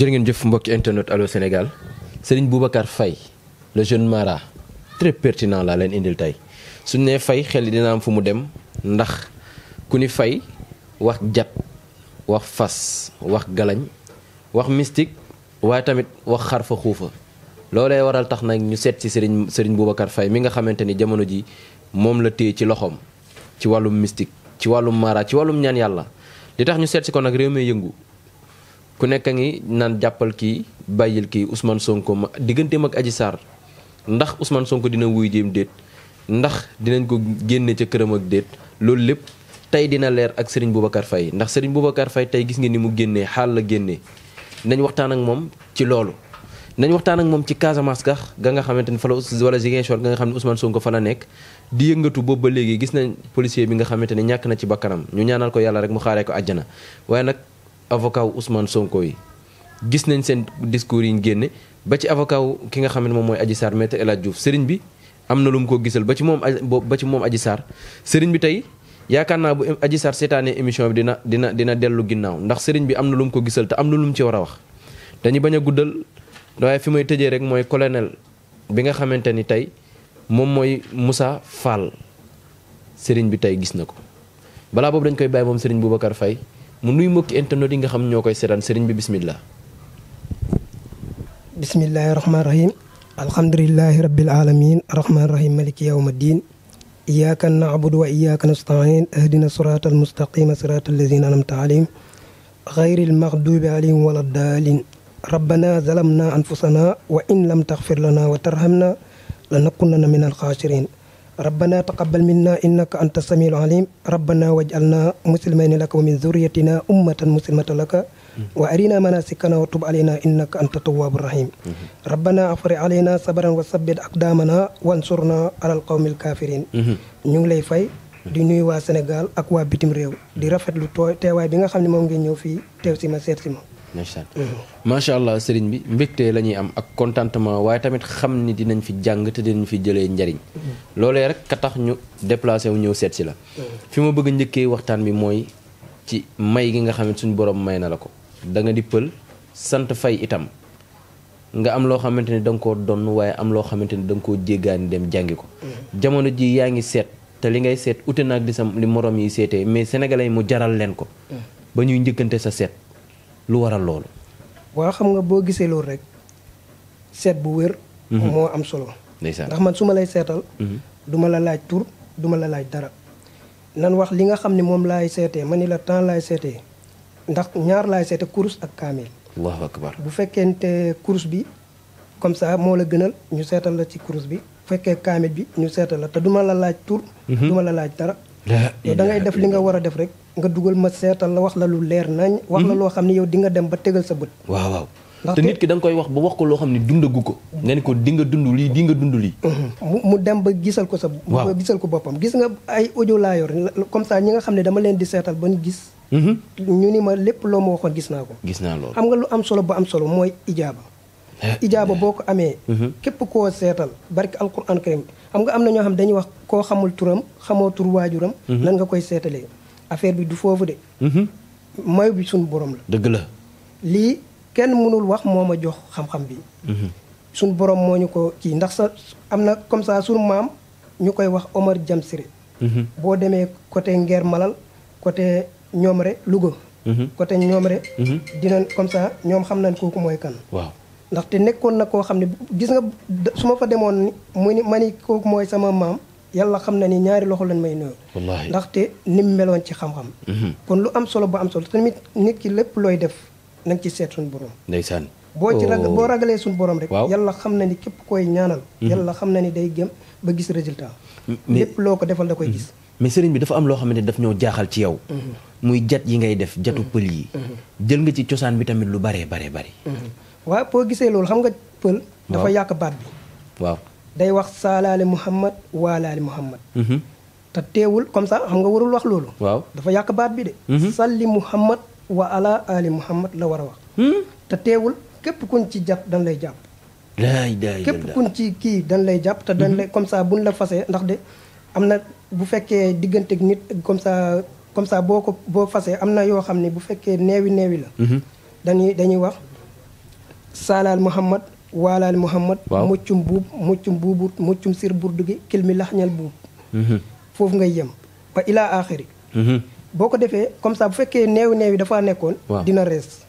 jërë ngeen jëf mbokki internet Allô Sénégal Serigne Boubacar Faye le jeune mara très pertinent la leen indil tey suñ nee Faye xel dina am fu mu dem ndax ku ni Faye wax jat wax fas wax galañ wax mystique waaye tamit wax xar xarfa xuufa loolee waral tax nag ñu seet ci Serigne Serigne Boubacar Faye mi nga xamante ni jamono ji moom la téye ci loxoom ci wàllum mystique ci wàllum mara ci wàllum ñaan yàlla li tax ñu seet ko nag réew mi yëngu ku nekk a ngi naan jàppal kii bàyyil kii Ousmane Sonko ma diggante ak aji Sarr ndax Ousmane Sonko dina wuy jéem déet ndax dinañ ko génne ca këram ak déet loolu lépp tey dina leer ak Serigne Boubacar Faye ndax Serigne Boubacar Faye tey gis ngeen ni mu génnee xaal la génnee nañ waxtaan ak moom ci loolu. nañ waxtaan ak moom ci Casamance gax ga nga xamante ni fa la wala Ziguinchor ga nga xam ne Ousmane Sonko fa la nekk di yëngatu boobu ba léegi gis nañ policier bi nga xamante ne ñàkk na ci bakkanam ñu ñaanal ko yàlla rek mu xaaree ko avocat wu Sonko yi gis nañ seen discours yi ñu ba ci avocat ki nga xam ne moom mooy Adji Sarr maître El Hadj sëriñ bi am na lu mu ko gisal ba ci moom ba ci moom Adji Sarr sëriñ bi tey yaakaar naa bu Adji Sarr seetaanee émission bi dina dina dina dellu ginnaaw ndax sëriñ bi am na lu mu ko gisal te am na lu mu ci war a wax dañu bañ a guddal waaye fi may tëjee rek mooy colonel bi nga xamante ni tey moom mooy Moussa Fall sëriñ bi tey gis na ko balaa boobu dañ koy bàyyi moom sëriñ Boubacar Faye mu nuy mbokki internet yi nga xam ñoo koy seetaan sëriñ bi bismillah bismillahi rahmaani rahim alhamdulilahi rabbil alamin arrahmaani rahim maliki yawma din iyyaka na'budu wa iyyaka nasta'in ahdina sirata almustaqima sirata allazina an'amta alayhim غير المغضوب عليهم ولا الضالين ربنا ظلمنا أنفسنا وإن لم تغفر لنا وترحمنا لنكونن من الخاسرين ربنا تقبل منا إنك أنت السميع العليم ربنا واجعلنا مسلمين لك ومن ذريتنا أمة مسلمة لك وأرنا مناسكنا وتب علينا إنك أنت التواب الرحيم ربنا أفرغ علينا صبرا وثبت أقدامنا وانصرنا على القوم الكافرين ñu ngi lay fay di nuyu waa Sénégal ak waa bitim réew di rafetlu tooy teewaay bi nga xam ne moom ngeen ñëw fii teew si ma seet si ma macha allah sëriñ bi mbégte la ñuy am ak contentement waaye tamit xam ni dinañ fi jàng te dinañ fi jëlee njariñ loolee rek ka tax ñu déplacé wu ñëw seet si la fi ma bëgg njëkkee waxtaan bi mooy ci may gi nga xam ne suñu borom may na la ko da nga di pël sant fay itam nga am loo xamante ni da ko donn waaye am loo xamante ni da nga koo jéggaani dem jàngi ko jamono ji yaa ngi seet te li ngay seet ute naag di sa li morom yi seetee mais sénégalais yi mu jaral leen ko mm. ba ñuy njëkkante sa seet lu waral loolu. waaw xam nga boo gisee loolu rek seet bu wér. Mhm. moo am solo. ndax man su ma lay seetal. Mhm. duma la laaj tur duma la laaj dara. nan wax li nga xam ne moom laay seetee ma ni la temps laay seetee ndax ñaar laay seete kurus ak kaamil. allahu akbar bu fekkente kurus bi comme ça moo la gënal ñu seetal la ci kurus bi. bu fekkee kaamil bi ñu seetal la te duma la laaj tur. Mhm. duma la laaj dara. te da ngay def li nga war a def rek nga dugal ma seetal la wax la lu leer nañ. wax la mhm. loo xam ne yow di nga dem ba tegal sa bët. waaw waaw te nit ki da koy wax ba wax ko loo xam ne dundagu ko. nga ni ko di nga dund lii di nga dund lii. Mhm. mu dem ba gisal ko sa. waaw gisal ko boppam gis nga ay audio laa yor comme ça ñi nga xam ne dama leen di seetal ba ñu gis. Mhm. ñu ni ma lépp loo ma waxoon gis naa ko. gis naa loolu xam nga lu am solo bu am solo mooy ijaaba. Eh. ijaaba boo ko amee. képp koo seetal barki alquran karim xam nga am na ñoo xam dañuy wax koo xamul turam xamoo tur waajuram. lan nga koy seetalee. affaire bi du foofu de. mayu mhm. bi suñu boroom la. dëgg la. lii kenn mënul wax moo ma jox xam-xam bi. Mhm. suñu borom moo ñu ko kii ndax sa am na comme ça suñu maam ñu koy wax Omar Jamsire. Mhm. boo demee côté Nguer Malal côté Ñoomre Louga. côté Ñoomre. dinañ comme ça ñoom xam nañ kooku mooy kan. waaw ndaxte nekkoon na koo xam ne gis nga su ma fa demoon mu ni ma ni kooku mooy sama maam. yàlla xam na ni ñaari loxo lañ may nuyu wallaahi ndaxte ni mu meloon ci xam-xam mhm. kon lu am solo ba am solo tamit nit ki lépp looy def na nga ci seet suñu borom boo ci ragal oh. boo ragalee suñu boroom rek yàlla xam na ni képp koy ñaanal mhm. yàlla xam na ni day gëm ba gis résultat lépp loo ko defal da koy mhm. gis mais sëriñ bi dafa am loo xamante ne daf ñoo jaaxal ci yow muy jat yi ngay def jatu pël yi jël nga ci cosaan bi tamit lu baree baree bari waaw boo gisee loolu xam nga pël dafa day wax saalaale muhammad waalaale muhammad mhm. te teewul comme ça xam nga warul wax loolu waaw dafa yàq baat bi de mhm. salli muhammad wa ala ali muhammad la war a wax hmm? te teewul képp kuñ ci jàpp dañ lay jàpp képp kuñ ci kii dañ lay jàpp te dañ mhm. lay comme ça buñ la fasee ndax de am na bu fekkee diggante nit comme ça comme ça boo ko boo fasee am na yoo xam ne bu fekkee neewi neewi la dañuy dañuy wax saalaal muhammad waalaal muhammad muccum buub muccum buubu muccum sir burdu gi kilmi laxñal buub mhm. foofu ngay yem ba ilaa axiri mhm. boo ko defee comme ça bu fekkee neew neew yi dafaa nekkoon dina rees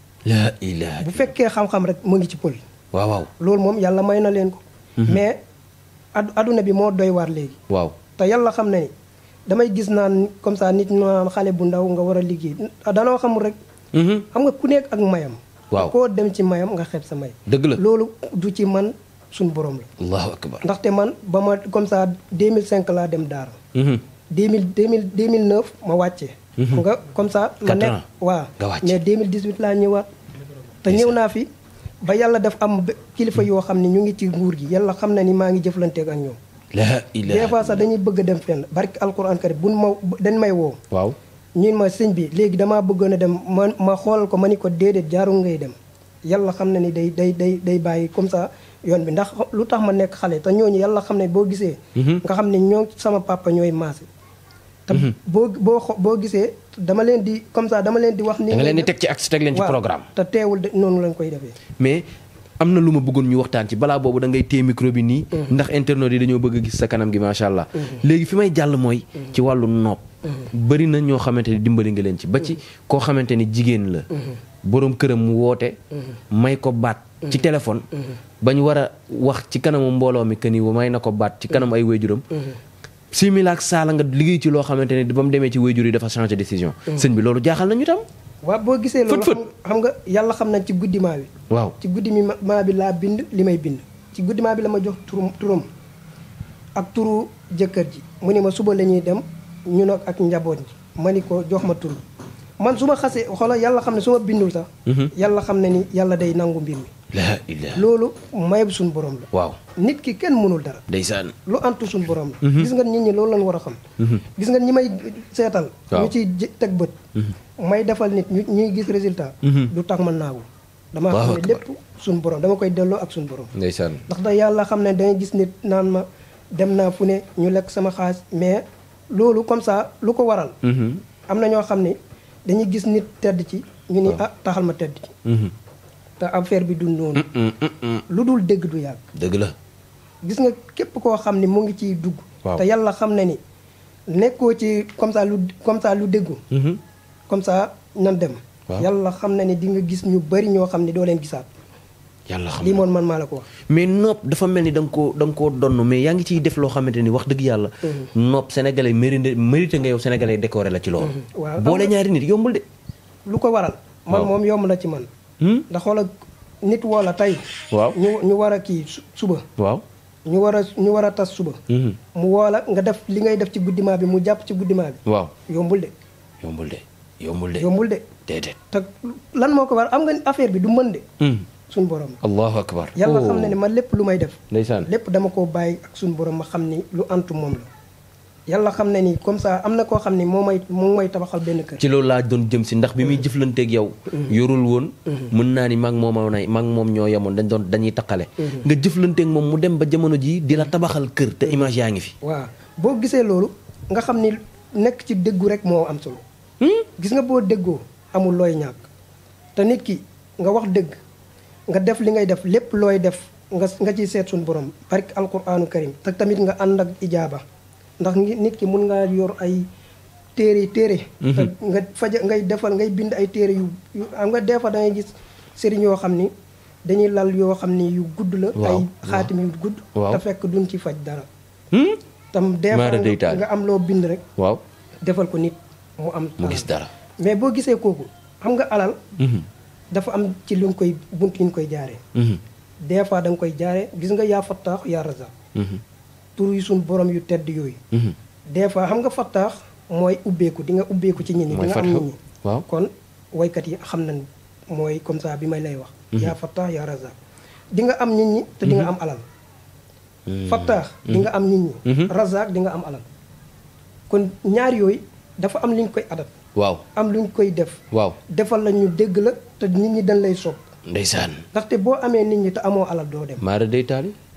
bu fekkee xam-xam rek mu ngi ci pël waaw waaw loolu moom yàlla may na leen ko mhm. mais àdduna bi moo doy waar léegi waaw te yàlla xam ne ni damay gis naan comme ça nit naan xale bu ndaw nga war a liggéey danoo xamul rek xam nga ku nekk ak mayam waaw koo dem ci mayam nga xeeb sa may dëgg la loolu du ci man suñu borom la allahu akbar ndaxte man ba ma comme ça 2005 laa dem daara 2000 2000 2009 ma wàccee mhm. nga comme ça ma nekk waaw mais 2018 laa ñëwaat te ñëw naa fi ba yàlla daf am kilifa mhm. yoo xam ne ñu ngi ci nguur gi yàlla xam na ni maa ngi jëflanteeg ak ñoom des fois sax dañuy bëgg dem fenn barki alquran karim bu ma dañ may woo waaw ñun ma sëñ bi léegi damaa bëggoon a dem ma ma xoolal ko ma ni ko déedéet jaarul ngay dem yàlla xam ne ni day day day day bàyyi comme ça yoon bi ndax lu tax ma nekk xale te ñooñu yàlla xam ne boo gisee. Mhm. nga xam ne ñoo sama papa ñooy maase. te mhm. boo boo xo boo gisee dama leen di comme ça dama leen di wax. ni nga leen di teg ci accès teg leen ci programme. te teewul de noonu lañ koy defee. am na lu ma bëggoon ñu waxtaan ci balaa boobu da ngay téye micro bi nii. Mm-hmm. ndax internet yi dañoo bëgg a gis sa kanam gi macha allah. Mm-hmm. léegi fi may jàll mooy. Mm-hmm. ci wàllu nopp. bëri na ñoo xamante ni dimbali nga leen ci ba ci koo xamante ni jigéen la. boroom këram mu woote. may ko baat ci téléphone. ba ñu war a wax ci kanamu mbooloo mi que ni may na ko baat ci kanam ay waajuram. simila ak saala nga liggéey ci loo xamante ne ba mu demee ci waajur yi dafa changer décision. sëñ bi loolu jaaxal waaw boo gisee loolu xam nga yàlla xam nañ ci guddi maa bi waaw ci guddi mi maa bi laa bind li may bind ci guddi maa bi la ma jox turum turam ak turu jëkkër ji mu ne ma suba la ñuy dem ñu nag ak njaboot ji ma ni ko jox ma tur man su ma xasee xoolal yàlla xam ne su ma bindul sax mhm. yàlla xam ne ni yàlla day nangu mbir mi la ilaha loolu mayeb suñu borom la. waaw nit ki kenn mënul dara. ndeysaan lu antu suñ borom la. Mhm. gis nga nit ñi loolu lañ war a xam. Mhm. gis nga ñi may seetal. ñu ci teg bët. Mhm. may defal nit ñu ñuy gis résultat. du tax man naagu. dama xam ne lépp suñu borom dama koy delloo ak suñu borom. ndeysaan ndax day yàlla xam ne dangay gis nit naan ma dem naa fu ne ñu lekk sama xaas mais loolu comme ça lu ko waral. am na ñoo xam ne dañuy gis nit tedd ci. ñu ni ah taxal ma tedd ci. te affaire bi du noonu. Mm, mm, mm, lu dul dëgg du yàgg. dëgg la. gis nga képp koo xam ni mu ngi ciy dugg. waaw te yàlla xam na ni nekkoo ci comme ça lu comme ça lu mm-hmm. comme ça nan dem. yàlla xam na ni di nga gis ñu bari ñoo xam ni doo leen gisaat. yàlla xam lii moom man maa la ko wax. mais nopp dafa mel ni da nga koo da koo donn mais yaa ngi ciy def loo xamante ni wax dëgg yàlla. Mm-hmm. nopp sénégalais mérite mérite nga yow sénégalais décoré la ci loolu. Mm-hmm. boole ñaari nit yombul de. lu ko waral moom yomb la ci man. Hmm? ndax xoolal nit woo la tey. waaw ñu ñu war a kii suba. waaw ñu war a ñu war a tas suba. Hmm. mu woo la nga def li ngay def ci guddimaa bi mu jàpp ci guddimaa bi. waaw yombul de. yombul de yombul de. yombul de déedéet. te lan moo ko war am nga affaire bi du mën de. Hmm. suñu borom la allahu akbar. yàlla xam oh. ne ne ma lépp lu may def. ndeysaan lépp dama koo bàyyi ak suñu borom ma xam ni lu antu moom la. yàlla xam ne ni comme ça am na koo xam ne moo may moo may tabaxal benn kër. ci loolu laa doon jëm si ndax bi muy jëflanteeg yow. Mm-hmm. yorul woon. Mm-hmm. mën naa ni maag moom nay maag moom ñoo yemoon dañ doon dañuy taqale. Mm-hmm. nga jëflanteeg moom mu dem ba jamono jii di la tabaxal kër te image yaa ngi fi. waa boo gisee loolu nga xam ni nekk ci déggu rek moo am solo. Hmm? gis nga boo déggoo amul looy ñàkk te nit ki nga wax dëgg nga def li ngay def lépp looy def nga nga ciy seet suñu borom. barke alquraanu karim te tamit nga ànd ak ijaaba. ndax ngi nit ki mun ngaa yor ay téere téere mhm. nga faja ngay defal ngay bind ay téere yu am nga des fois dangay gis sëriñ yoo xam ni dañuy lal yoo xam ni yu gudd la ay xaatim yu gudd te fekk duñ ci faj dara hmm? tam des fois nga am loo bind rek waaw defal ko nit mu am mu mais boo gisee kooku xam nga alal mhm. dafa am ci lu nga koy bunt yu ñu koy jaare mhm. des fois da nga koy jaare gis nga yaa fattaax yaa razaq tur yi suñu borom yu tedd yooyu. Mhm. des fois xam nga fattaax mooy ubbeeku di nga ubbeeku ci nit ñi. di nga am nit ñi waaw kon waykat yi xam nañ mooy comme bi may lay wax. Mhm. yaa fattaax yaa razaq di nga am nit ñi te di nga mhm. am alal. fattaax di nga am nit ñi. razaq di nga am alal kon ñaar yooyu dafa am li koy adat. waaw am luñ koy def. waaw defal la ñu dégg la te nit ñi dañ lay soog sopp. ndeysaan ndaxte boo amee nit ñi te amoo alal doo dem. maara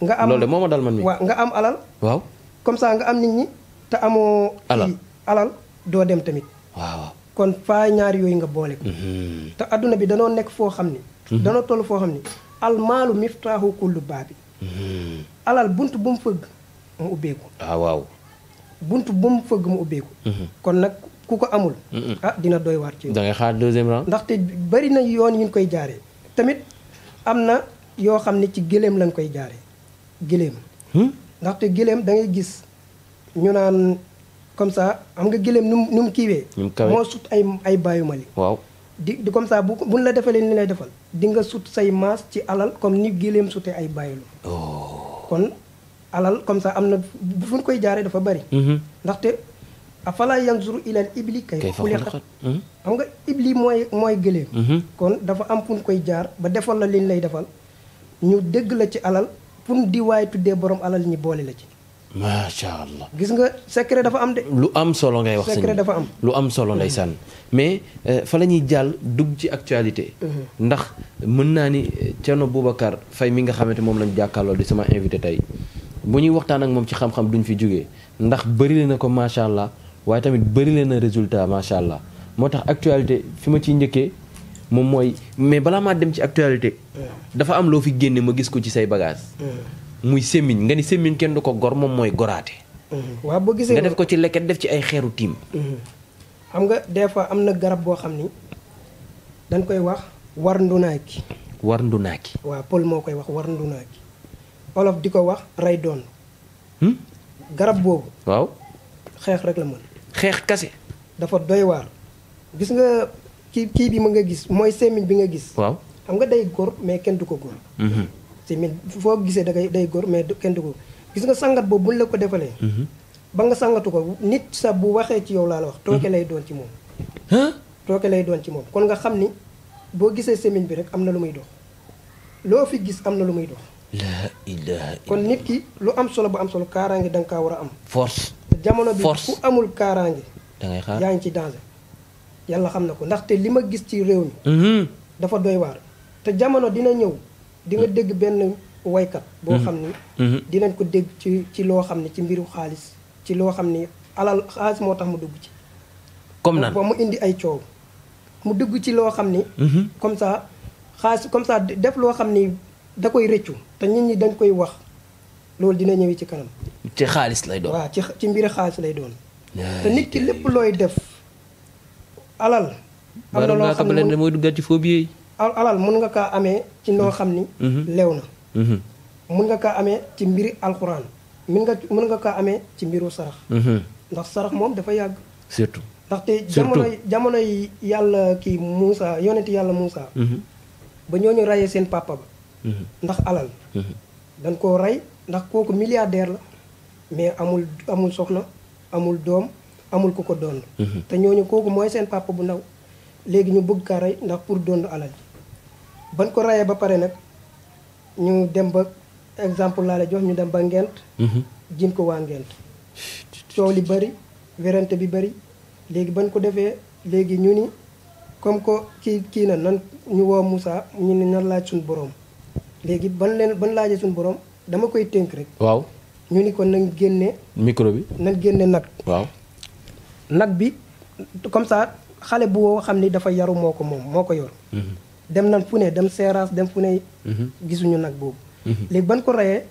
nga am loolu de moo ma dal man mi waaw nga am alal. waaw comme ça nga am nit ñi te amoo. alal alal doo dem tamit. waaw kon faa ñaari yooyu nga boole ko. Mhm. te adduna bi danoo nekk foo xam ni. Mhm. danoo toll foo xam ni almaalu miftaaxu kullu baabi. Mhm. bunt bu mu fëgg mu ubbeeku. ah waaw. bunt bu mu fëgg mu ubbeeku. kon nag ku ko amul. ah dina dooy waar ci yow. da ngay xaar deuxième rang. bari na yoon yu ñu koy jaaree. tamit am na yoo xam ne ci gëléem lañ koy jaaree. giléem hmm? ndaxte giléem da ngay gis ñu naan comme ça xam nga giléem nu mu nu mu kiiwee moo sut ay ay ma mali di di comme ça bu buñ la defalee ni lay defal dinga nga sut say maas ci alal comme ni giléem sute ay bàyyilu oh. kon alal comme ça am na fu ñu koy jaaree dafa bari mm-hmm. ndaxte afala yanzuru ilal ibli kay xuliqat mm-hmm. xam nga ibli mooy mooy giléem mm-hmm. kon dafa am fu ñu koy jaar ba defal la liñ lay defal ñu dégg la ci alal pour di waay tuddee borom alal ñi boole la ci. macha allah gis nga secret dafa am de. lu am solo ngay wax. secret dafa am lu am solo ndeysaan. Mm-hmm. mais euh, fa la ñuy jàll dugg ci actualité. Mm-hmm. ndax mën naa ni euh, Thierno Boubacar Faye mi nga xamante moom lañ jàkkaarloo di sama invité tey bu ñuy waxtaan ak moom ci xam-xam duñ fi jógee ndax leen na ko macha allah waaye tamit leen na résultat macha allah moo tax actualité fi ma ciy njëkkee. moom mooy mais balaa maa dem ci actualité. dafa am loo fi génne ma gis ko ci say bagage muy semmiñ nga ni semmiñ kenn du ko gor moom mooy goraate. Mm-hmm. waaw boo gisee nga def ko ci leket def ci ay xeeru tiim. Mm-hmm. xam nga des fois am na garab boo xam ni dañ koy wax war ndunaaki. war ndunaaki. waaw pël moo koy wax war ndunaaki olof di ko wax rey doon. Hmm? garab boobu. waaw xeex rek la mën. xeex kase. dafa doy waar gis nga. kii kii bi ma nga gis mooy sémmiñ bi nga gis. waaw xam nga day gor mais kenn du ko góor. sémmiñ mm-hmm. foo gisee dangay ngay day góor mais kenn du ko gis nga sàngat boobu buñ la ko defalee. Mm-hmm. ba nga sangatu ko nit sa bu waxee ci yow laa la wax. Mm-hmm. tooke lay doon ci moom. tooke lay doon ci moom kon nga xam ni boo gisee sémmiñ bi rek am na lu muy dox loo fi gis am na lu muy dox. kon nit ki lu am solo bu am solo kaaraange da nga kaa war a am. force jamono bi ku amul kaaraange. da ngay xaar yaa ngi ci danger. yàlla xam na ko ndaxte li ma gis ci réew mi. Mhm. dafa doy waar te jamono dina ñëw di mm. dégg benn woykat boo mm. xam ni. Mm-hmm. dinañ ko dégg ci ci loo xam ne ci mbiru xaalis ci loo xam ni alal moo tax mu dugg ci. comme nan ba mu indi ay coow mu dugg ci loo xam ni. Mm-hmm. comme ça xaalis comme ça def loo xam ni da koy rëccu te nit ñi dañ koy wax loolu dina ñëw ci kanam. ci xaalis lay doon. waaw ci ci xaalis lay doon. te nit ki lépp looy def. alal. am na loo xam ne mooy duggaat ci phobie yi. alal mun nga kaa amee ci noo mm-hmm. xam ni. Mm-hmm. lew na. Mm-hmm. mun nga kaa amee ci mbiri alxuraan. mun nga mun nga kaa amee ci mbiru sarax. ndax sarax moom dafa yàgg. surtout ndaxte jamono jamono yi yàlla kii Moussa yonent yàlla Moussa. ba ñu rayee seen papa ba. ndax alal. dañ koo rey ndax kooku milliardaire la mais amul amul soxla amul doom. amul ku ko doon. Mhm. te ñooñu kooku mooy seen papa bu ndaw léegi ñu bugg kaa rey ndax pour doon alal ban ko rayee ba pare nag ñu dem ba exemple laa la jox ñu dem ba ngent mhm. jin ko waa ngent coow li bëri werante bi bëri léegi ban ko defee léegi ñu ni comme que kii kii na nan ñu woo Moussa ñu ni nan laaj suñu boroom léegi ban leen ban laajee suñu borom dama koy tënk rek waaw ñu ni kon nañ génne micro bi nañ génne nag waaw nag bi comme ça xale bu woo xam ni dafa yaru moo ko moom moo ko yor. Mhm. dem nañ fu ne dem seeraas dem fu ne. Mhm. gisuñu nag boobu. Mhm. léegi ban ko reyee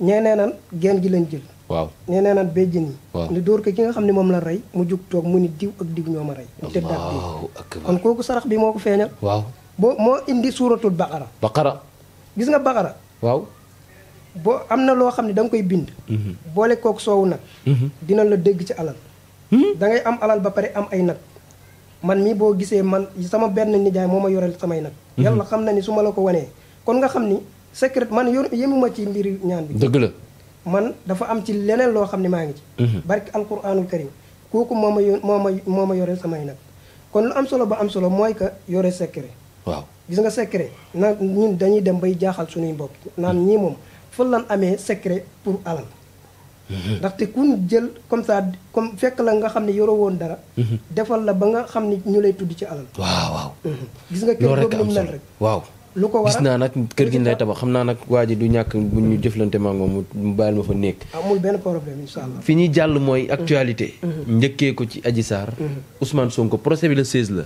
ñee nee nan geen gi lañ jël. waaw ñee nee nan béjjën yi. waaw dóor ko ki nga xam ne moom la rey mu jug toog mu ni diw ak diw ñoo ma rey. ñu tëddaat bi kon kooku sarax bi moo ko feeñal. waaw boo moo indi suuratul baqara. baqara. gis nga baqara. waaw. boo am na loo xam ne danga koy bind. boole kooku soowu nag. dina la dégg ci alal. da ngay am alal ba pare am ay nag man mii boo gisee man sama benn nijaay moo ma yoreel samay nag mhm. yàlla xam na ni su ma la ko wanee kon nga xam ni secret man yor ma ci mbir ñaan bi dëgg la man dafa am ci leneen loo xam ne maa ngi ci mhm. barki alquranul karim kooku moo ma moo ma moo ma yoreel samay nag kon lu am solo ba am solo mooy que yore secret waaw gis nga secret nag ñun dañuy dem bay jaaxal suñuy mbokk naan ñii moom fan lan amee secret pour alal ndaxte ku ñu jël comme ça comme fekk la nga xam ne yoroo woon dara. defal la ba nga xam ne ñu lay tudd ci alal. waaw waaw. Mhm. gis nga kër googu ni lu ko waral gis naa nag gi ñu lay tabax xam naa nag waa du ñàkk bu ñu jëflante maa moom mu bàyyil ma fa nekk. amul benn problème incha allah. fi ñuy jàll mooy actualité. Mhm. Mhm. njëkkee ko ci Adji Sarr. Ousmane Sonko procès bi la 16 la.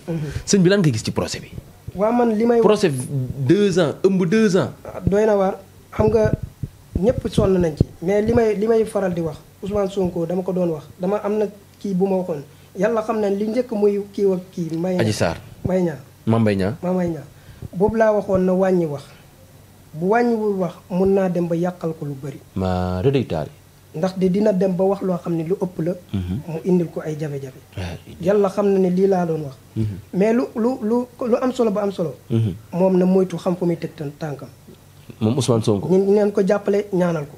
sëñ bi lan nga gis ci procès bi. waaw man li may procès deux ans ëmb deux ans. Ah, doy na waar xam nga. ñëpp sonn nañ ci mais li may li may faral di wax Ousmane Sonko dama ko doon wax dama am na kii bu ma waxoon yàlla xam ne li njëkk muy kii wa kii. may Adji Sarr may ñaa Mame Mbaye Niang Mame Mbaye boobu laa waxoon na wàññi wax bu wàññiwul wax mun naa dem ba yàqal ko lu bëri. ma rëdëytaal. ndax di dina dem ba wax loo xam ne lu ëpp la. Mhm. mu indil ko ay jafe-jafe. yàlla xam na ne lii laa doon wax. Mhm. mais lu lu lu lu am solo ba am solo. Mhm. moom na moytu xam fu muy teg tànkam. moom Ousmane Sonko. ñu neen ko jàppale ñaanal ko.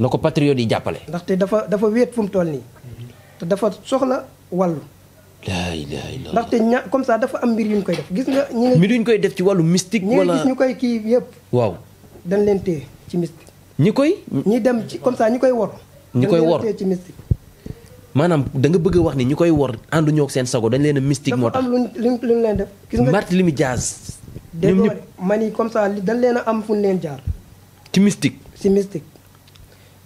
na ko patriote yi jàppale. ndaxte dafa dafa wéet fu mu toll nii. te dafa soxla wàllu. ndaxte ña comme ça dafa am mbir yu koy def gis nga. ñi koy def ci wàllu mystique. wala ñi gis ñu koy kii yëpp. waaw dañ leen téye ci mystique. ñi koy. ñi dem ci comme ça ñi koy wor. ñi koy wor ci mystique. maanaam da nga bëgg a wax ni ñi koy wor ànduñoo ak seen sago dañ leen a moo tax dafa am lu def. gis nga Barthélémy Dias ñoom ñëpp ma ni comme ça li dañ leen a am fu ñu leen jaar. ci mystique. ci mystique.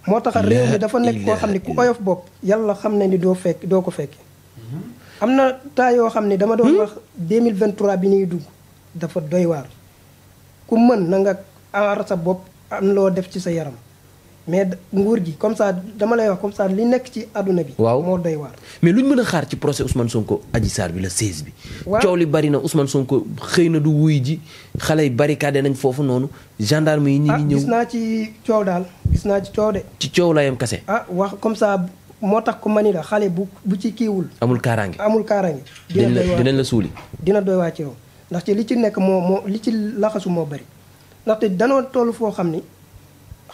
moo tax réew mi dafa nekk koo xam ne ku oyof bopp yàlla xam na ni doo fekk doo ko fekke mhm. am na temps yoo xam ne dama doon hmm? wax 2023 bi ñuy dugg dafa doy waar. ku mën nanga nga aar sa bopp am loo def ci sa yaram. mais nguur gi comme ça dama lay wax comme ça li nekk ci àdduna bi. waaw moo doy waar. mais luñ mën a xaar ci procès Ousmane ko aji saar bi la 16 bi. waaw coow li bari na Ousmane ko xëy na du wuy ji xale yi barricade nañ foofu noonu gendarme yi. ñu ngi ah, ñëw gis naa ci coow daal gis naa ci coow de. ci coow la yem kase. ah wax comme ça moo tax ko mani la xale bu bu ci kiiwul. amul kaaraange amul kaaraange. dinañ la dinañ la suuli. dina doy waa ci yow ndax ci li ci nekk moo moo li ci laxasu moo bari ndaxte danoo toll foo xam ni.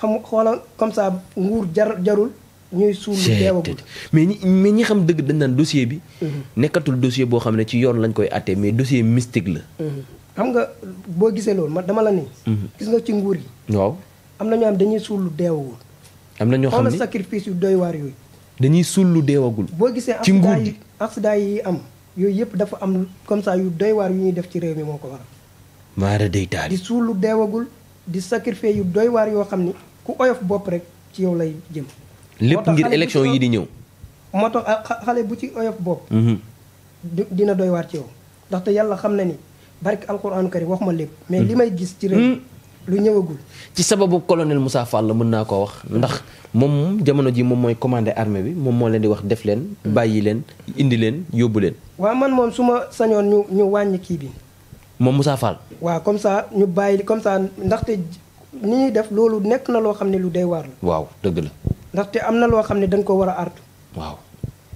xam xoolal comme ça nguur jar jarul. ñuy suul lu deewagul mais ñi mais ñi xam dëgg dañ naan dossier bi. Mhm. nekkatul dossier boo xam ne ci yoon lañ koy àttee mais dossier mystique la. Mhm. xam nga boo gisee loolu man dama la ne mhm. gis nga ci nguur yi. waaw am na ñoo xam dañuy suul lu deewagul. am na ñoo xam ne xoolal sacrifice yu doy yooyu. dañuy suul lu deewagul. boo gisee accident yi accident yi am. yooyu yëpp dafa am comme ça yu doy yu ñuy def ci réew mi moo ko waral. maara day taal di suul lu deewagul di sacrifice yu doywaar yoo xam ni. ku oyof bopp rek ci yow lay jëm. lépp ngir élection yi di ñëw. moo tax ah, xale bu ci oyof bopp. Mhm. dina doy waat ci yow. ndaxte yàlla xam na ni barke alxuraanu karim wax ma lépp. mais mhm. li may gis ci réew mhm. lu ñëwagul. ci sababu colonel Moussa Fall la mën naa koo wax ndax moom jamono ji moom mooy commandé armée bi moom moo leen di wax def leen bàyyi leen indi leen yóbbu leen. waaw man moom su ma sañoon ñu ñu wàññi kii bi. moom Moussa Fall. waaw comme ça ñu bàyyi comme ça ndaxte ni ñuy def loolu nekk na loo xam ne lu dey waar la. waaw dëgg la. ndaxte am na loo xam ne dañ ko war a art waaw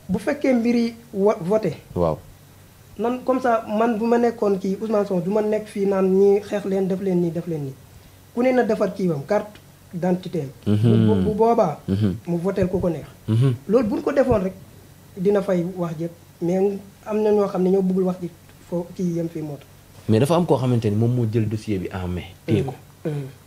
bu fekkee mbir yi wa voté. waaw nan comme sax man bu ma nekkoon kii Ousmane Sonko du ma nekk fii naan ñii xeex leen def leen nii def leen nii ku ne na defar kii wam carte d'identité mhm. bu bu boobaa. Mhm. mu voté ku ko neex. Mhm. loolu buñ ko defoon rek dina fay wax jëpp mais am na ñoo xam ne ñoo bëggul wax ji foo kii yem fii moo tax. mais dafa am koo xamante ni moom moo jël dossier bi en ko. Mm.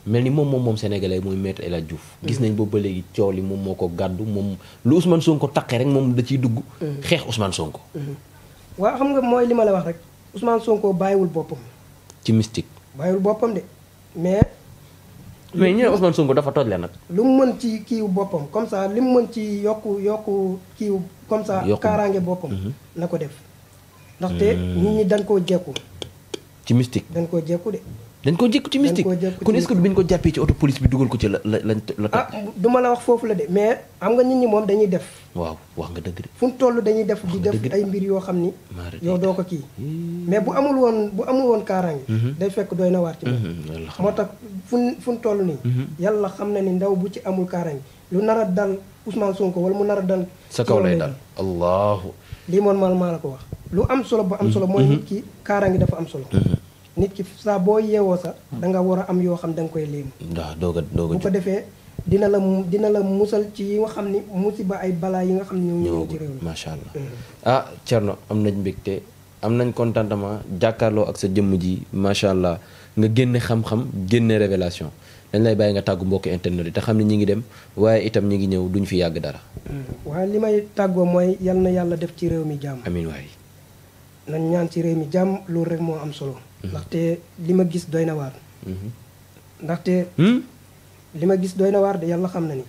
mel ni moom moom moom sénégalais muy maître El Hadj Diouf. gis nañ boobu ba léegi coow li moom moo ko gàddu moom lu Ousmane ko taqee rek moom da ciy dugg. xeex Ousmane Sonko. waa xam nga mooy li ma la wax rek Ousmane Sonko bàyyiwul boppam. ci mystique. bàyyiwul boppam de mais. mais ñu ne Ousmane Sonko dafa toj leen nag. lu mu mën ci kiiw boppam comme ça li mu mën ci yokku yokku kiiwu comme ça. kaaraange boppam. Mhm. na ko def. ndaxte ñu mm. ñi dañ koo jekku. ci mystique dañ koo jekku de. dañ ko jëkk ci mystique kon ko ce que biñ ko jàppee ci auto police bi dugal ko ci la la lañ la ah ma la wax foofu la de mais am nga nit ñi moom dañuy def waaw wax nga dëgg de fu mu toll dañuy def di def ay mbir yoo xam ni yow doo ko kii hmm. mais bu amul woon bu amul woon kaaraange mm-hmm. day fekk doy na waar ci moom mm-hmm. moo tax fu fu mu toll nii mm-hmm. yàlla xam na ni ndaw bu ci amul kaaraange lu nar a dal Ousmane Sonko wala mu nar a dal sa kaw lay dal allahu lii moom man maa la ko wax lu am solo ba am solo mooy ki kaaraange dafa am solo nit ki saa boo yeewoo sax hmm. danga war a am yoo xam da nga koy léemu waaw doog a doog a bu ko defee dina la dina la musal ci yi nga xam ni musiba ay balaa yi nga xam ne ñoo ñëw ci macha allah hmm. ah Thierno am nañ mbégte am nañ contentement jàkkaarloo ak sa jëmm ji macha allah nga génne xam-xam génne dañ lay bàyyi nga tàggu mbokki internet yi te xam ne ñi ngi dem waaye itam ñi ngi ñëw duñ fi yàgg dara hmm. waaye li may tàggoo mooy yal na yàlla def ci réew mi jàmm amiin waay nañ ñaan ci réew mi jàmm loolu rek moo am solo Mm-hmm. ndaxte li ma gis doy na waar mm-hmm. ndaxte hmm? li ma gis doy na waar de yàlla xam na ni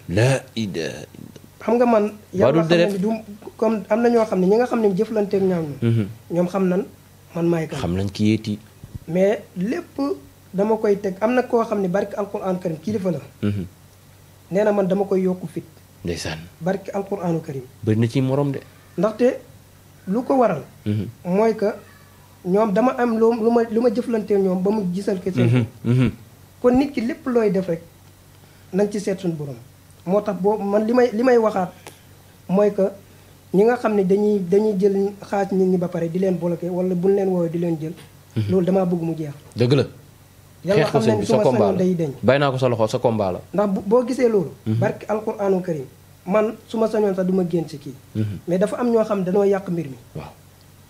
xam nga man yàlla xam na ni du comme am na ñoo xam ne ñi nga xam ne jëflanteeg ñaam ñu mm-hmm. ñoom xam na man may kan xam nañ ki yéeti mais lépp dama koy teg am na koo xam ne barki alquran karim kilifa la nee na man dama koy yokku fit ndeysaan barki alquranu karim bëri na ci morom de ndaxte lu ko waral mooy que ñoom dama am lu lu ma lu ma jëflantee ñoom ba mu gisal ko seen mhm, mhm. kon nit ki lépp looy def rek nañ ci seet suñu borom moo tax boo man li may li may waxaat mooy que ñi nga xam ne dañuy dañuy jël xaaj nit ñi ba pare di leen bloqué wala buñ leen woowee di leen jël mhm. loolu dama bëgg mu jeex dëgg la yàlla xam ne su day deñ bàyyi naa ko sa loxo sa combat la ndax boo gisee loolu barki alquranu karim man suma ma sañoon sax du ma génn ci kii mais dafa am ñoo xam ne dañoo yàq mbir mi waaw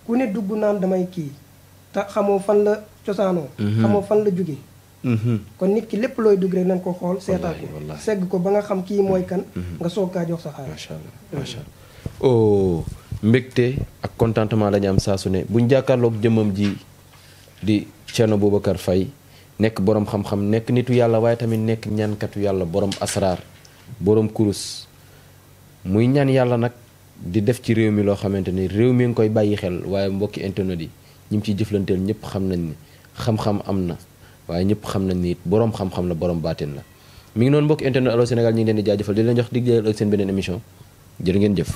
ku ne dugg naan damay kii ta xamoo fan la cosaanoo mhm. xamoo fan la jóge mhm. kon nit ki lépp looy dugg rek nañ ko xool seetaat ko segg ko ba nga xam kii mooy kan mhm. nga soog kaa jox sa xaalis oh, ak contentement la am saa su ne buñ jàkkaarloog jëmmam ji di Thierno Boubacar Faye nekk borom xam-xam nekk nitu yàlla waaye tamit nekk ñankatu yàlla borom asraar boroom kurus muy ñaan yàlla nag di def ci réew mi loo xamante ni réew mi ngi koy bàyyi xel waaye mbokki internet yi ñi mu ciy jëflanteel ñëpp xam nañ ni xam-xam am na waaye ñëpp xam nañ ni it boroom xam-xam la boroom baateen la mu ngi noonu mbokki internet Allô Sénégal ñu ngi leen di jaajëfal di leen jox dig jël ak seen beneen émission jël ngeen jëf